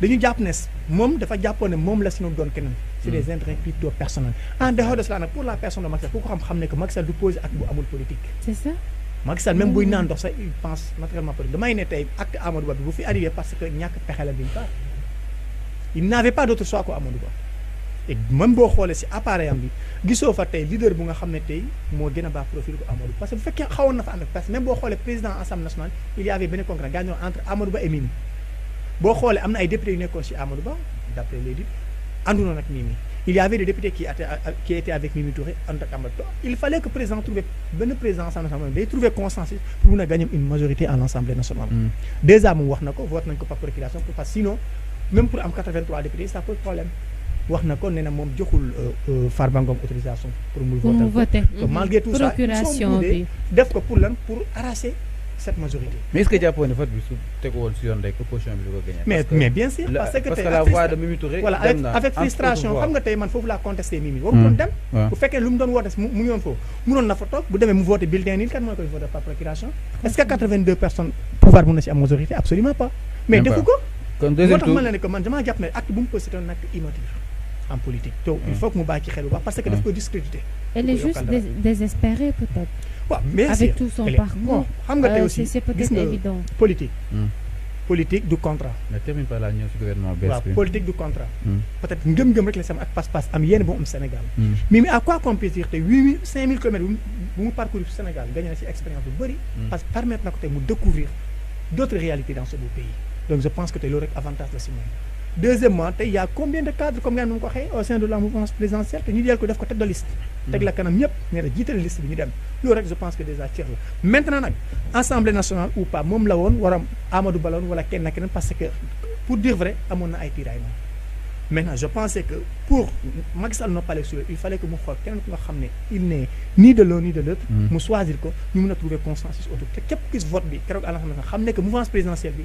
dañu jàpp ne moom dafa jappone mom la suñu don keneen c'est des mm. intérêts plutôt personnels en dehors de cela nak pour la personne de Macky Sall ko xam xamne que Macky Sall du poser ak bu amul politique c'est ça Macky Sall même buy mm. naan ndox sa il pense naturellement politique damay ne tey acte Amadou Ba bu fi arrivé parce que ñak pexe la d'une part il n'avait pas d'autre choix que Amadou Ba et même bo xolé si appareil am bi gisoo fa tay leader bu nga xamne tay mo moo ba profil ko Amadou parce que bu fekkee xawoon na fa and parce même bo xolé président assemblée nationale il y avait benn concret gagnon entre Amadou Ba et Mimi boo xoolee am ay députés yu ci Amadou Ba d'après les dits àndunoon ak Mimi il y avait des députés qui étaient avec Mimi Touré en ak Amadou il fallait que président trouver bonne présence en assemblée day trouver consensus pour nous gagner une majorité à l'assemblée assemblée nationale. Mm. dèjà moom wax nako ko vote nañ ko par procuration pour parce que sinon même pour am 83 députés ça pose problème. wax nako néna mom joxul euh, euh, farbangom autorisation. pour muy voter voter malgré tout ça procuration bi def ko pour lan pour arracher cette majorité. Mais est-ce que Diapo ne une vote sur une opposition mais, mais bien sûr, parce que, parce que la voix de Mimi Touré. Voilà, avec, avec frustration, comme que man faut la contester Mimi. Vous comprenez Vous faites que l'homme donne voix, nous on faut. Nous on photo, vous devez vous voter bulletin nul, quand vous voter par procuration. Est-ce que 82 personnes pouvoir monter à majorité Absolument pas. Mais de Foucault, comme deuxième tour. Moi, je me dis que l'acte Boum, c'est un acte immature en politique. il hmm. faut que nous bâtissions parce que nous hmm. discréditer. Elle est juste désespérée peut-être mais avec tout son parcours euh, c'est peut-être évident politique hmm. politique du contrat. mais termine par la nuit du gouvernement politique du contrat. Hmm. peut-être que nous rek la sam ak pas-pas am Sénégal. Hmm. mais à quoi qu'on puisse dire que huit mille cinq mille Sénégal gagner cette expérience de Bori, parce que permettre de découvrir d'autres réalités dans ce beau pays donc je pense que c'est l'avantage de avantage deuxièmement il y' a combien de cadres comme nga ko au sein de la mouvance présidentielle qui ñu jël ko def ko tête de liste. teg la kanam ñëpp ne la jiital liste bi ñu dem rek je pense que déjà cër maintenant l'Assemblée nationale ou pas moom la woon waram Amadou Ba la woon wala kenn ak keneen parce que pour dire vrai amoon na ay tiraillements maintenant je pensais que pour Macky Sall noppale il fallait que mu xool il n'est ni de l'un ni de l'autre mm. mu choisir ko ñu mun a trouver consensus autour Qu'est-ce ku gis vote bi keroog à l'Assemblée nationale xam ne que mouvance présidentielle bi.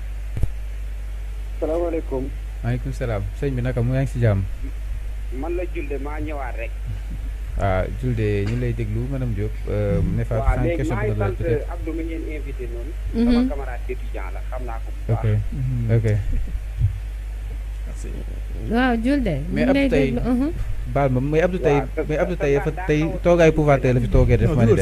asalaamaaleykum. maaleykum salaam sëñ bi naka mu yaa ngi man la Julde ma ñëwaat rek. waaw ah, Julde ñu lay déglu madame Diop. Euh, ne fa sans question waaw léegi maa ngi sant Abdou mi ngeen invité noonu. Mhm. sama camarade étudiant la xam naa ko bu baax. ok mhm. ok. waaw Julde. ñu ngi lay déglu mais Abdou tey mhm. baal ma mais Abdou tey mais Abdou tey dafa tey toogaay pouvoir tey la fi toogee def. ma ni de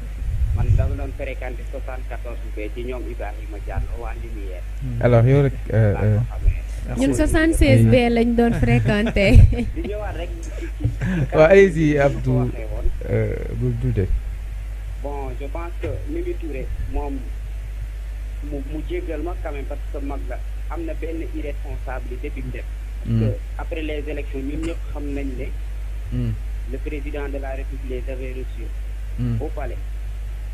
man dama doon fréquenté 74 b ci ñoom Ibrahima Diallo waa Lumière. alors yow rek. ñun 76 b lañ doon fréquenté. di ñëwaat rek. waaw allez-y Abdou bu Dudé. bon je pense que Mimi Touré moom mu mu jéggal ma quand même parce que mag la am na benn irresponsabilité bi mu def. parce que mm. après les élections ñun ñëpp xam nañ ne. Mm. le président de la République les avait reçus. Mm. au palais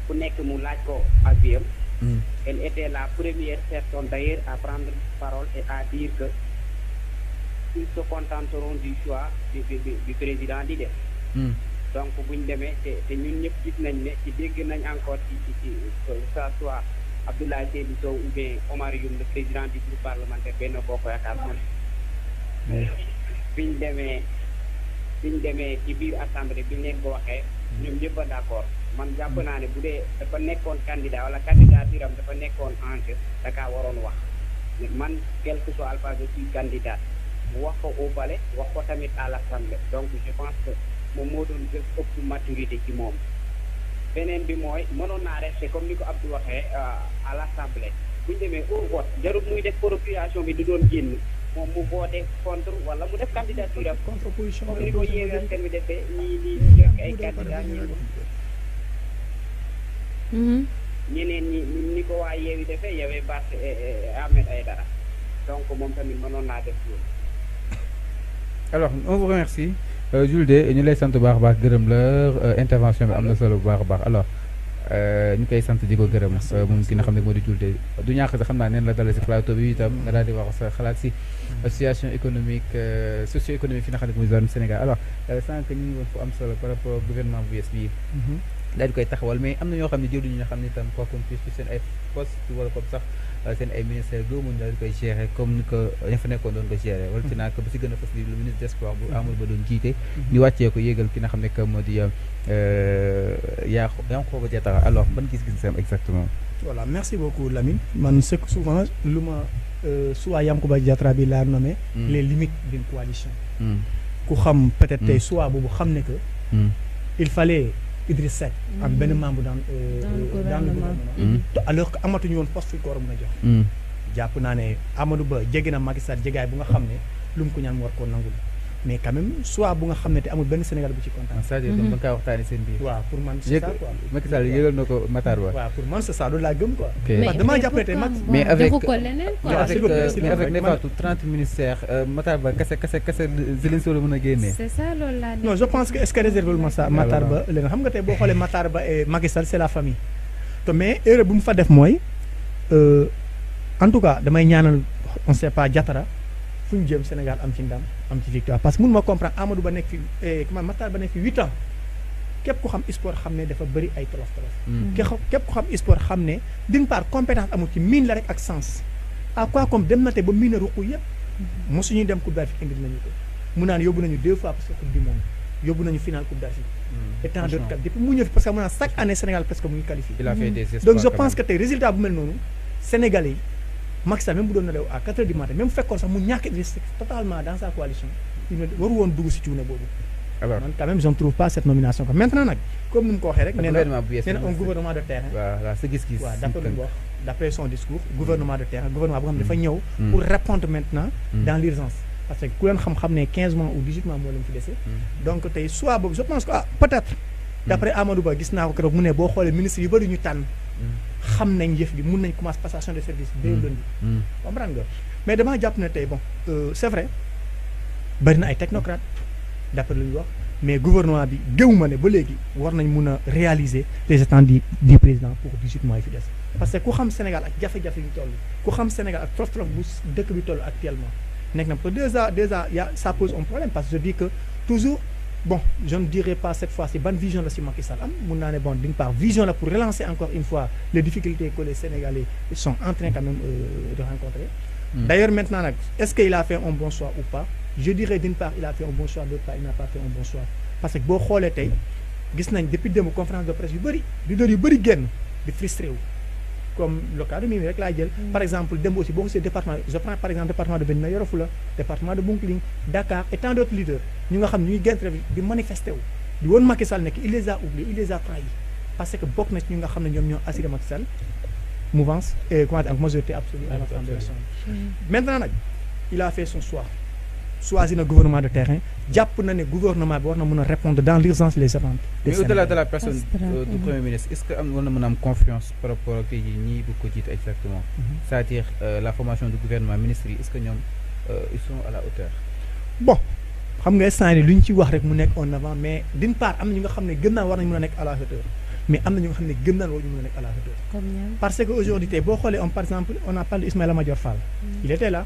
ku nekk mu laaj ko avis hmm. elle était la première personne d'ailleurs à prendre parole et à dire que ils se contenteront du choix du, du, du président di def hmm. donc buñ demee te te ñun ñëpp gis nañ ne ci dégg nañ encore ci ci ci que ça soit Abdoulaye Seydou Sow ou bien Omar Youm le président du groupe parlementaire Benno Bokk Yaakaar moom biñ demee biñ demee ci biir assemblée bi leen ko waxee ñoom ñëpp a d'accord man jàpp naa ne bu dee dafa nekkoon candidat wala candidature am dafa nekkoon enjeu da waroon wax man quel que soit Alpha je suis candidat mu wax ko au palais wax ko tamit à l'Assemblée donc je pense que moom moo doon jël ëpp maturité ci moom beneen bi mooy mënoon naa rester comme ni ko Abdou waxee euh, à l'Assemblée bu demee au vote jarul muy def procuration bi di doon génn moom mu voté contre wala mu def candidature am comme ni ko yéen askan wi defee ñii di joxe ay Mhm. ñeneen ñi ni ko waa Yewwi defee yewee Barth eh, eh, Ahmed Aïdara donc moom tamit mënoon naa def loolu alors on vous remercie euh, Jules de ñu lay sant bu baax a baax gërëm la euh, intervention bi am na solo bu baax a baax alors euh, ñu koy sant di ko gërëm moom ki nga xam ne moo di Jules de du ñàkk sax xam naa neen la dala si plateau bi itam nga mm. daal di wax sa xalaat si mm. situation économique socio économique fi nga xam ne mooy zone Sénégal alors sànq ñu ngi fu am solo par rapport au gouvernement bu bees bii mm-hmm daal di koy taxawal mais amna na ñoo xam ne jëluñu nga tam quoi qu'on puisse ci seen ay poste wala comme sax euh, seen ay ministère doo mu daal koy gérer comme ni ko ña fa nekkoon doon ko gérer wala ci mm-hmm. naa ko ba si gën a le ministre des sports bu mm-hmm. amul ba doon jité mm-hmm. ñu wacce ko yéegal ki nga xam ne que moo di euh, yaa Yankhoba Diattara alors ban gis-gis sam exactement voilà merci beaucoup Lamine man c'est que souvent luma euh soit Yankhoba Diattara bi la nommé mm. les limites d'une coalition mm. ku xam peut-être tey mm. soit bu xam ne que il fallait Idriss Seck hmm. am benn membre dans euh, euh, dans le gouvernement hmm. alors que amatuñu woon poste fi ko war a mën a jox hmm. jàpp naa ne Amadou Ba jege na Macky bu nga xam lu mu ko ñaan war koo nangu mais quand même soit bu nga xam ne te amul benn Sénégal bu ci kontaan. Ah, c'est-à-dire donc da nga kaa waxtaanee seen biir. waaw mais avec mais euh, kese kese kese Zelensky la mën pense que est-ce que réservé lu Matar Ba la nga xam nga tey boo xoolee Matar Ba et c'est la famille. te mais erreur bu mu fa def mooy euh, en tout cas damay ñaanal on pas jatara fu ñu jëm Sénégal am ci ndam am ci victoire parce que mun ma comprendre Amadou Ba nek fi eh, comment Matar Ba nek fi 8 ans képp ku xam sport xam ne dafa bëri ay tolof tolof. Hmm. képp ku xam sport xam ne d'une part compétence amul ci mine la rek ak sens à quoi comme dem na te ba miin a ruqu yëpp hmm. mosuñuy dem coupe d'Afrique indi nañu ko mu naan yóbbu nañu deux fois parce que coupe du monde yóbbu nañu final coupe d'Afrique hmm. et tant d'autres cas depuis mu ñëw parce que mu naan chaque année Sénégal presque mu ngi qualifié. donc je pense que tey résultat bu mel noonu Sénégalais Maxime même bu à 4h du matin même comme ça mu ñak totalement dans sa coalition il waru faut dugg ci cuune bobu alors quand même je ne trouve pas cette nomination maintenant comme on mu ko waxé rek un gouvernement de terre. c'est ce gis-gis d'après son discours le gouvernement de terrain gouvernement boo xam mm. Mm. pour répondre maintenant mm. dans l'urgence parce que ku on xam 15 mois ou 18 mois moo fi dese donc tay soit je pense que ah, peut-être d'après Amadou Ba gis a ko keroog mu né bo xolé ministre yu bëri ñu xamnañ nañ yëf bi mën nañ commence passation de service dès hmm. lundi hmm. comprends nga mais demain, jàpp ne tey bon euh, c'est vrai bari na ay technocrate d'après lu ñu wax mais gouvernement bi géwuma ne ba léegi war nañ mun a réaliser les attendus du président pour 18 mois yi fi des parce que ku xam Sénégal ak jafe-jafe yu toll ku xam Sénégal ak trop trop bu dëkk bi toll actuellement nekk na parce que déjà déjà y a ça pose un problème parce que je dis que toujours bon je ne dirais pas cette fois c'est bonne vision de si Macky Sall d'une part vision là pour relancer encore une fois les difficultés que les Sénégalais sont en train quand même euh, de rencontrer. Hmm. D'ailleurs maintenant est-ce qu'il a fait un bon choix ou pas je dirais d'une part il a fait un bon choix d'autre part il n'a pas fait un bon choix parce que bon, depuis que nañ depuis démb conférence de presse il y a yu de gens di frustré comme local de Mimi rek laay mm. par exemple dembo aussi bon c'est département je prends par exemple département de Médina département de Bunkling Dakar et tant d'autres leaders nous avons nous ne ñuy génn di manifesté wu di woon Macky Sall il les a oubliés il les a trahis parce que beaucoup na ci ñu nga xam ne ñoo Macky Sall mouvance et euh, comment dire majorité absolue à maintenant il a fait son choix choisir le gouvernement de terrain jàpp na le gouvernement va répondre dans l'urgence les attentes mais au-delà de la personne euh, du premier ministre est-ce que a confiance par rapport à ce que vous dit exactement mhm. c'est-à-dire euh, la formation du gouvernement ministre est-ce qu'ils euh, ils sont à la hauteur bon xam nga instant yi ci en avant mais d'une part am avons nga xam ne à la hauteur mais nous ñu ne à la hauteur parce que aujourd'hui on par exemple on a parlé d'Ismaël mm. il était là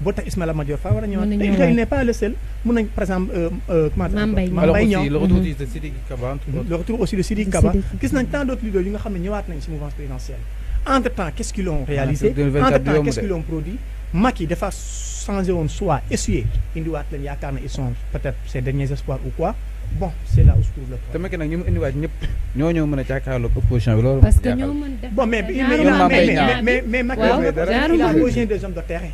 il n'est pas le seul par exemple le retour aussi de le retour aussi Kaba tant d'autres entre temps qu'est-ce qu'ils ont réalisé entre temps qu'est-ce qu'ils ont produit qui changé on soit essuyer yaakaar ils sont peut-être ses derniers espoirs ou quoi bon c'est là où se trouve le problème. parce que terrain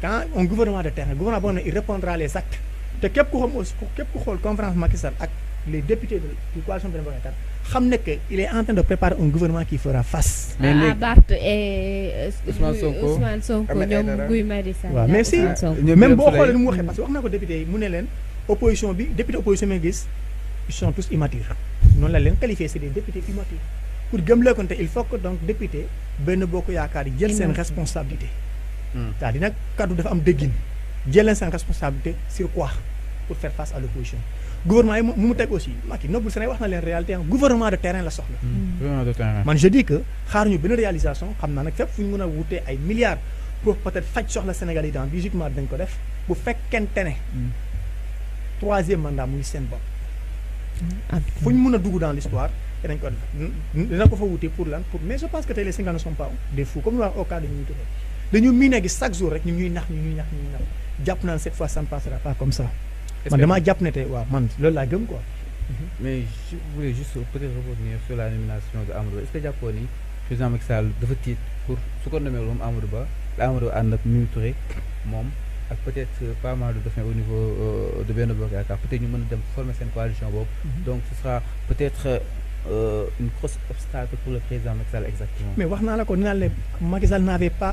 quand un gouvernement de terrain gouvernement bon, il répondra les actes te kep ku xool képp conférence Macky Sall ak les députés de la coalition de Bokk xamne que il est en train de préparer un gouvernement qui fera face. mais léegi ah Barth et euh, Ousmane Sonko ñoom Guy Marius Sagna mais si même bo xoolee mu mm. parce que wax na ko député yi mu ne leen opposition bi député opposition bi gis ils sont tous immatures non la len qualifier c'est des députés immatures pour gëm lëkkante il faut que donc député ben Bokk yakar jël sen responsabilité. Hmm. c'est-à-dire que kaddu dafa am déggin jël leen responsabilité sur quoi pour faire face à l'opposition Le gouvernement est mu mu aussi Macky nobbul Sénégal wax na la réalité hein. gouvernement de terrain la soxla. Hmm. Hmm. je dis que xaaruñu benn réalisation une réalisation, nag fu ñu a ay milliards pour peut-être faire soxla Sénégal dans 18 mois dañ ko def bu fekkente ne. troisième mandat muy seen bopp. Ah, fu ñu dans l'histoire dinañ ko def dina fa pour lan mais je pense que les Sénégalais ne sont pas des fous comme ni la au cas de ñu dañu miné gi chaque jour rek ñu ñuy nax ñu ñuy nax ñu ñuy nax jàpp cette fois ça ne passera pas comme ça. man dama japp ne tey waaw man lool la gëm quoi. Mhm. mais je voulais juste peut-être revenir sur la nomination de Amadou est-ce que jàppoo ni président Macky Sall dafa tiit pour su ko nommé moom Amadou Ba la Amadou and ak Mimi Touré moom ak peut-être pas mal de au niveau euh, de Benno Bokk Yaakaar peut-être ñu mëna dem former sen coalition boobu. Mhm. donc ce sera peut-être euh, une grosse obstacle pour le président Macky Sall exactement. mais wax naa la ko nee naa Macky Sall n'avait pas.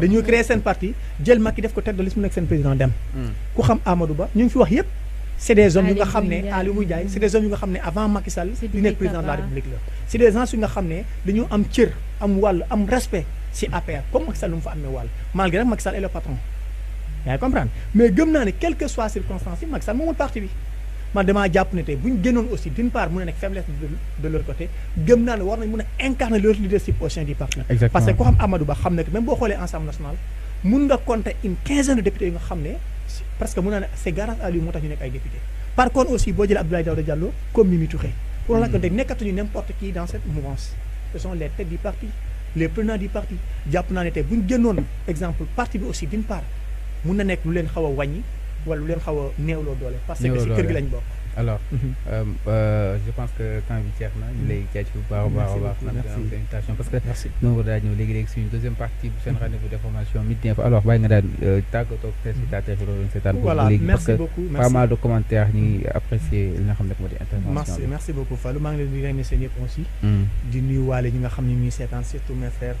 dañoo ah, créer seen parti jël Macky def ko tête de liste mu nekk président dem. Hmm. ku xam Amadou Ba ñu fi wax yépp c'est des hommes yu nga xamné ne Aliou Ndiaye c'est des hommes yu nga xamné avant Macky Sall di nek président de la République là c'est des gens yu nga xamné ne am cër am wàll am respect ci APR comme Macky Sall lu fa amé wal malgré que Macky Sall est le patron yaa ngi comprendre mais gëm naa ne quelle soit circonstance yi Macky Sall moomul parti bi man dama japp ne tey buñu ñu aussi d'une part mu a faiblesse de leur côté gëm na war nañ mun incarner leur leadership au sein du parti parce que ko xam Amadou Ba xam ne même bo xolé ensemble national mun nga compter une quinzaine de députés nga xam parce que mu na c'est grâce à lui motax ñu nekk ay députés par contre aussi bo jël Abdoulaye Daouda Diallo comme Mimi Touré pour la tey ñu n'importe qui dans cette mouvance ce sont les têtes du parti les prenants du parti japp na ne tey buñu ñu exemple parti bi aussi d'une part mun na nekk lu leen xawa wañi wala lu xawa newlo a doole. parce que ci kër gi lañ bok alors mhm. euh, euh, je pense que quand bi jeex na ñu lay jaajëfal bu baax a baax a baax. merci présentation parce que. merci donc daa ñëw léegi léegi suñu deuxième partie bu seen rendez-vous de formation midi fa alors bay nga daal euh, tàggatoo ak téléspectateurs yi loolu seetaan. voilà parce que pas mal de commentaires ni ngi apprécier li nga xam ne di intervention merci merci beaucoup fallu maa ngi leen di remercier ñëpp aussi. Mm. di walé ñi nga xamni ne ñuy seetaan surtout mes frères.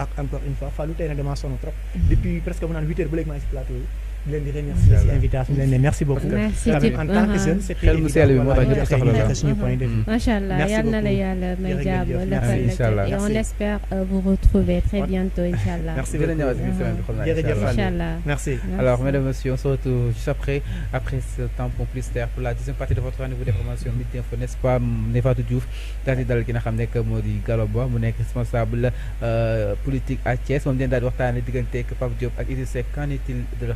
ak encore une fois Fallou tey nag damaa sonn presque mu naan huit heures maa ngi si plateau merci beaucoup. merci Merci ah. et on espère euh, vous retrouver très bientôt merci merci. alors mesdames et messieurs on se retrouve juste après après ce temps merci pour la deuxième partie de votre rendez d'information ce pas responsable euh, politique à de leur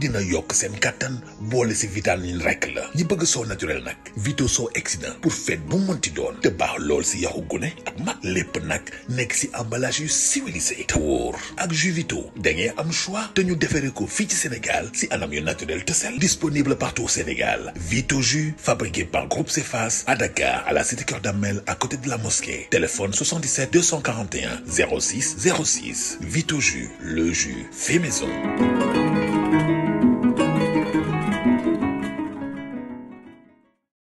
dina yok sen katan boole ci vitamine rek la ñi bëgg so naturel nag vito soo exsident pour fête bu mënti doon te baax lool si yaxu gune ak mag lépp nag nekk ci emballage yu civilisé tour ak jus vito da am choix te ñu defere ko fi ci Sénégal si anam yu naturel te sel disponible partout au Sénégal vito jus fabriqué par groupe Cefas à Dakar à la cité cœur Damel à côté de la mosquée téléphone 77 241 06 06 vito jus le jus fait maison